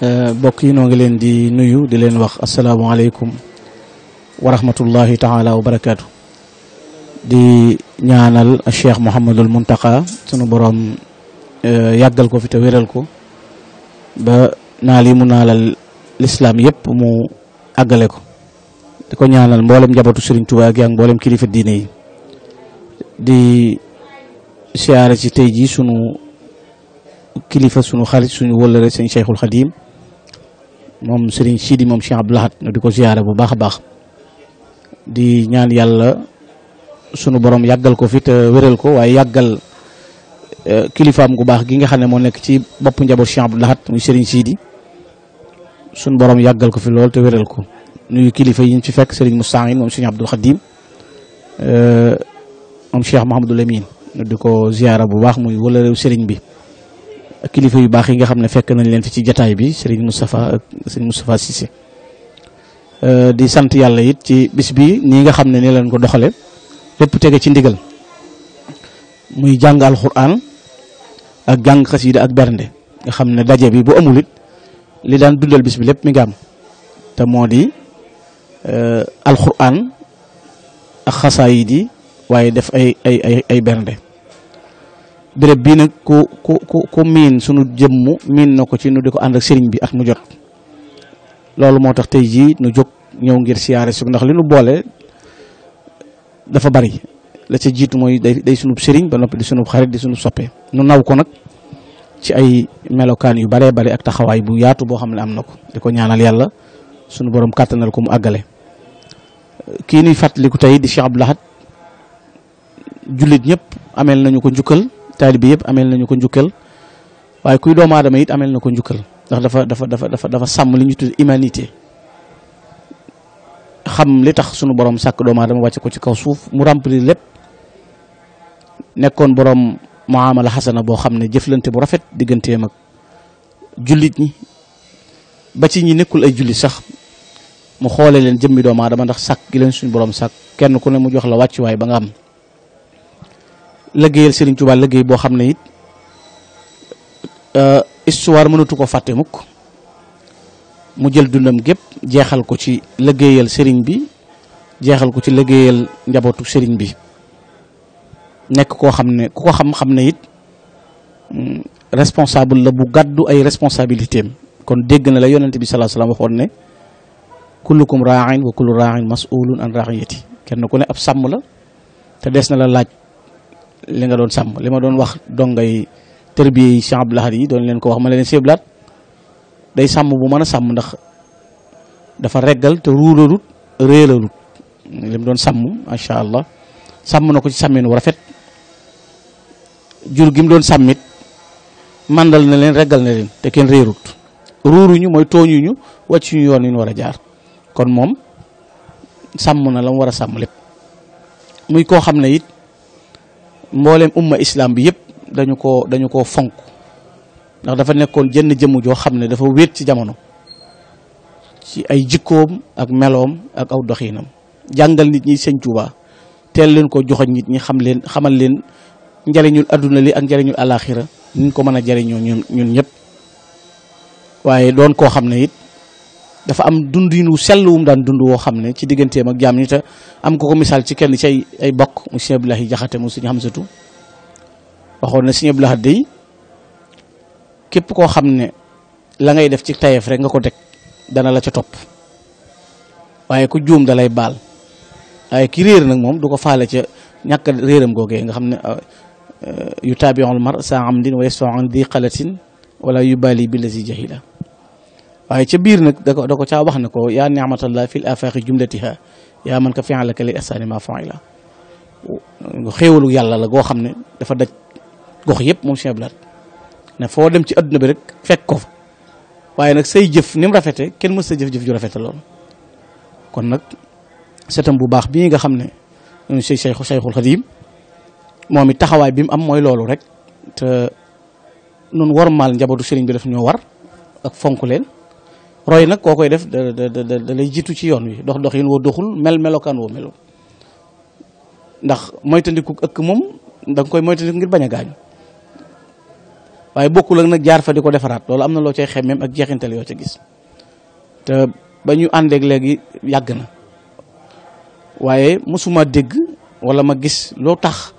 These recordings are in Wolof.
mbokk yi noo ngi leen di nuyu di leen wax asalaamaaleykum wa rahmatullahi taala wa barakaatu di ñaanal cheikh Mouhamadul Muntaqa sunu borom yàggal ko fi te wéral ko ba naa li mu naalal lislaam yëpp mu àggale ko di ko ñaanal mboolem njabootu Serigne Touba gi ak mboolem kilifa diine yi di siyaare ci tey jii sunu kilifa sunu xarit suñu wëllëre sëñ Cheikhul Khadim moom Serigne Sidi moom Cheikh Abdou Lahad di ko ziyaare bu baax a baax di ñaan yàlla sunu borom yàggal ko fi te wéral ko waaye yàggal e, kilifaam gu baax gi nga xam ne moo nekk ci bopp njaboot Cheikh Abdou Lahad muy Serigne siidi sunu borom yàggal ko fi lool te wéral ko nuyu kilifa yi ñu ci fekk mu Moussa moom Serigne Abdou Khadim e, moom Cheikh Mahamadou Lamine di ko ziyaare bu baax muy wala réew Serigne bi. kilifa yu bax yi nga xamne fekk nañ leen fi ci jotaay bi serigne mustapha serigne mustapha euh di sante yalla yit ci bis bi ni nga xamne ne ni leen ko doxale lepp tege ci ndigal muy jang alquran ak jang xasida ak bernde nga xamne dajje bi bu amul it li daan dundal bis bi lepp mi gam am te moo di euh, ak khasaidi yi def ay ay ay bernde béréb bi nak ko ko ko ku sunu jëm min nako ci nu diko and ak serigne bi ak mu jot lolou motax tay ji nu jog ñew ngir ndax li nu boole dafa bari la ci jitu mooy day day sunub sëriñ ba nopi di sunub xarit di sunu soppé nu naw ko nak ci ay melokan yu bare bare ak taxaway bu yaatu bo xam am nako diko ñaanal yalla sunu borom katanal ko mu kini ki ni fatlikou tay di Cheikh Abdou Lahad jullit ñëpp nañu ko taalibe yëpp amel nañu ko njukkel waye kuy doom aadama it amel nako njukkel ndax dafa dafa dafa dafa dafa sàmm li humanité xam li tax sunu borom sak doom aadama wacc ko ci kaw suuf mu remplir lepp nekkon borom muamala hasana bo xamne ne jëflante bu rafet digganteem mak julit ñi ba ci ñi nekkul ay julit sax mu xolé leen jëmmi doom aadama ndax sak gi leen suñu borom sak kenn ku ne mu jox la way ba nga am. liggéeyal Sëriñ Tuubaa liggéey boo xam ne it euh, histoire mënatu ko fàtte mukk mu jël dundam gépp jeexal ko ci liggéeyal sëriñ bi jeexal ko ci liggéeyal njabootu sëriñ bi nekk koo xam ne ku ko xam-xam ne it mm, responsable la bu gàddu ay responsabilité am kon dégg na la yonent bi salaa salaam waxoon ne kullukum raain wa kullu raain masulun an raiyati kenn ku ne ab sàmm la te des na la laaj li nga doon sam li ma doon wax dong ngay terbiye Cheikh Abdoul yi doon len ko wax ma len Cheikh Abdoul day sam bu meuna sam ndax dafa reggal te ruuralut reelalut lim mu doon sàmm macha allah sàmm na ci samene rafet jur gi mu doon samit mandal na len reggal na len te ken reerut ruuruñu mooy tooñuñu wàccuñu yoon ñu war jaar kon mom sam na lam wara sam lepp muy ko xamne it mboolem umma islaam bi yëpp dañu ko dañu koo fonk ndax dafa nekkoon jënn jëmm joo xam ne dafa wéet ci jamono ci ay jikkoom ak meloom ak aw doxiinam jàngal nit ñi sëñ Tuuba teel leen ko joxoñ nit ñi xam leen xamal leen njariñul adduna li ak njariñul alaaxira nuñ ko mën a jariñoo ñun ñun waaye doon koo xam ne it dafa am dundu ñu sellu mu daan dundu wo xamne ci ak jamm ñi ta am ko ko misal ci kenn ci ay ay bokk mu sëñ Abdoulahi Jaxate mu sëñ hamzatu waxo na sëñ Abdoulahi dey kep ko xamne la ngay def ci tayef rek nga ko tek dana la ca top waye ku joom dalay bal baal ki reer nak mom du faale ci ñak reeram goge nga xamne ah, ah, yutabi'ul mar amdin wa yas'u an diqalatin wala yubali billati jahila waye ci bir nak da ko da ko caa wax nako ya yaa ni'matallah fil afaqi jumlatiha ya man ka fi'ala kal ihsani ma fa'ila xéewalu yàlla la go xamne dafa daj gox yep mom Cheikh blad ne fo dem ci aduna bi rek fek ko waye nak nag say jëf nim rafete ken mo sa jëf-jëf ju rafete loolu kon nak setam bu bax bi nga xamne ñu ñun Cheikh Cheikhul Khadim momi taxaway bi mu am moy loolu rek te nun war maal njabootu sëriñ bi daf ñoo war ak fonku len roy nag koo koy def da da da da lay jiitu ci yoon wi dox dox yin woo doxul mel melokaan woo melu ndax moytandiku ëkk moom da nga koy moytandiku ngir bañ a gaañu waaye bokkul ak nag jaar fa di ko defaraat loolu am na loo cay xemmeem ak jeexintal yoo ca gis te ba ñu àndeeg léegi yàgg na waaye mosuma dégg wala ma gis loo tax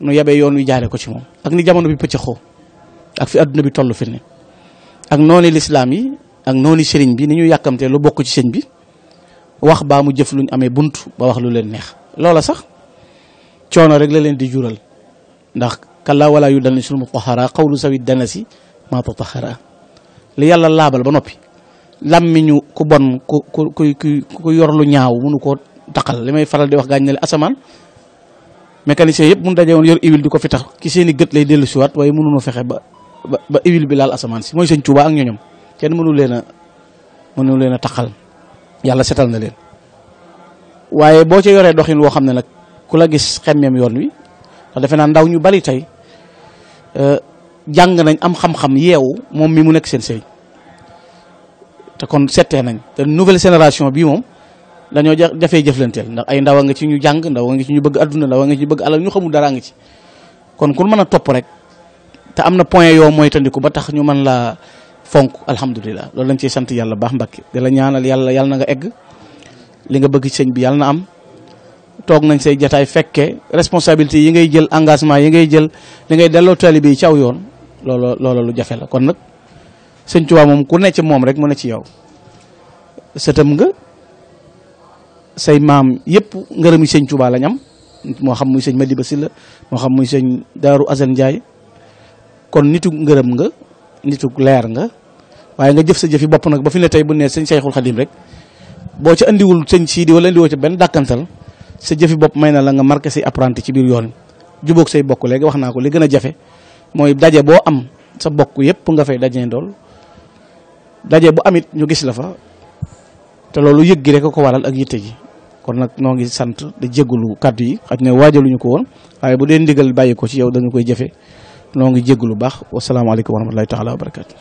nu yabee yoon wi jaare ko ci moom ak ni jamono bi pëccëxoo ak fi adduna bi toll fi ne ak noonu lislaam yi ak noonu sëriñ bi ni ñu yàkkamtee lu bokk ci sëñ bi wax baa mu jëf luñ amee bunt ba wax lu leen neex loola sax coono rek la leen di jural ndax kalla wala yu dana sul mutahara xawlu sawit dana si ma tatahara li yàlla laabal ba noppi làmmiñu ku bon ku ku ku yor lu ñaaw mënu koo taqal li faral di wax gaañ ne le mécanicien yëpp mun daje woon yor huile di fi tax ki ba ba si mooy sëñ Tuubaa ak ñoñom kenn mënu leen a mënu leen a taqal yàlla setal na leen waaye boo ca yoree doxin woo xam ne nag ku la gis xemmeem yoon wi ndax defe naa ndaw ñu bari tey e, jàng nañ am xam-xam yeewu moom mi mu nekk seen sëy te kon settee nañ te nouvelle génération bii moom dañoo jafee jëflanteel ndax ay ndaw a nga ci ñu jàng ndaw a nga ci ñu bëgg àdduna ndaw a nga ci ñu bëgg alal ñu xamul dara nga ci kon kun mën a topp rek te am na point yoo mooy ba tax ñu mën laa fonk alhamdulilah loolu lañ ciy sant yàlla baax Mbàkke di la ñaanal yàlla yàlla na nga egg li nga bëgg sëñ bi yàlla na am toog nañ say jataay fekkee responsabilité yi ngay jël engagement yi ngay jël li ngay delloo taalibe yi ci aw yoon loolu lu jafe la kon nag sëñ Tuubaa moom ku nekk moom rek mu ne ci yow sëtam nga say maam yëpp ngërëmi sëñ Tuubaa lañam am moo xam muy sëñ Madiba la moo xam muy sëñ Daaru Asan Njaay kon nitu ngërëm nga nitu leer nga waye nga jëf sa yi bop nak ba fi ne tay bu ne sëñ Cheikhul Khadim rek bo ci andiwul sëñ Sidi wala wo ci ben dakantal sa jëfi bopp may na la nga marqué ci apprenti ci bir yoon jubóog say bokk legi waxna ko li gëna jafé jafe dajé bo am sa bokk yépp nga fay dajé ndol dajé bu amit ñu gis la fa té lolu yëg gi rek ko waral ak yitté ji kon nak no ngi sante di jégalu kaddu yi xaj wajalu ñu ko won waye bu den ndigal bayiko ci yow dañu koy jafé no ngi jégalu baax alaykum wa rahmatullahi taala wa barakatuh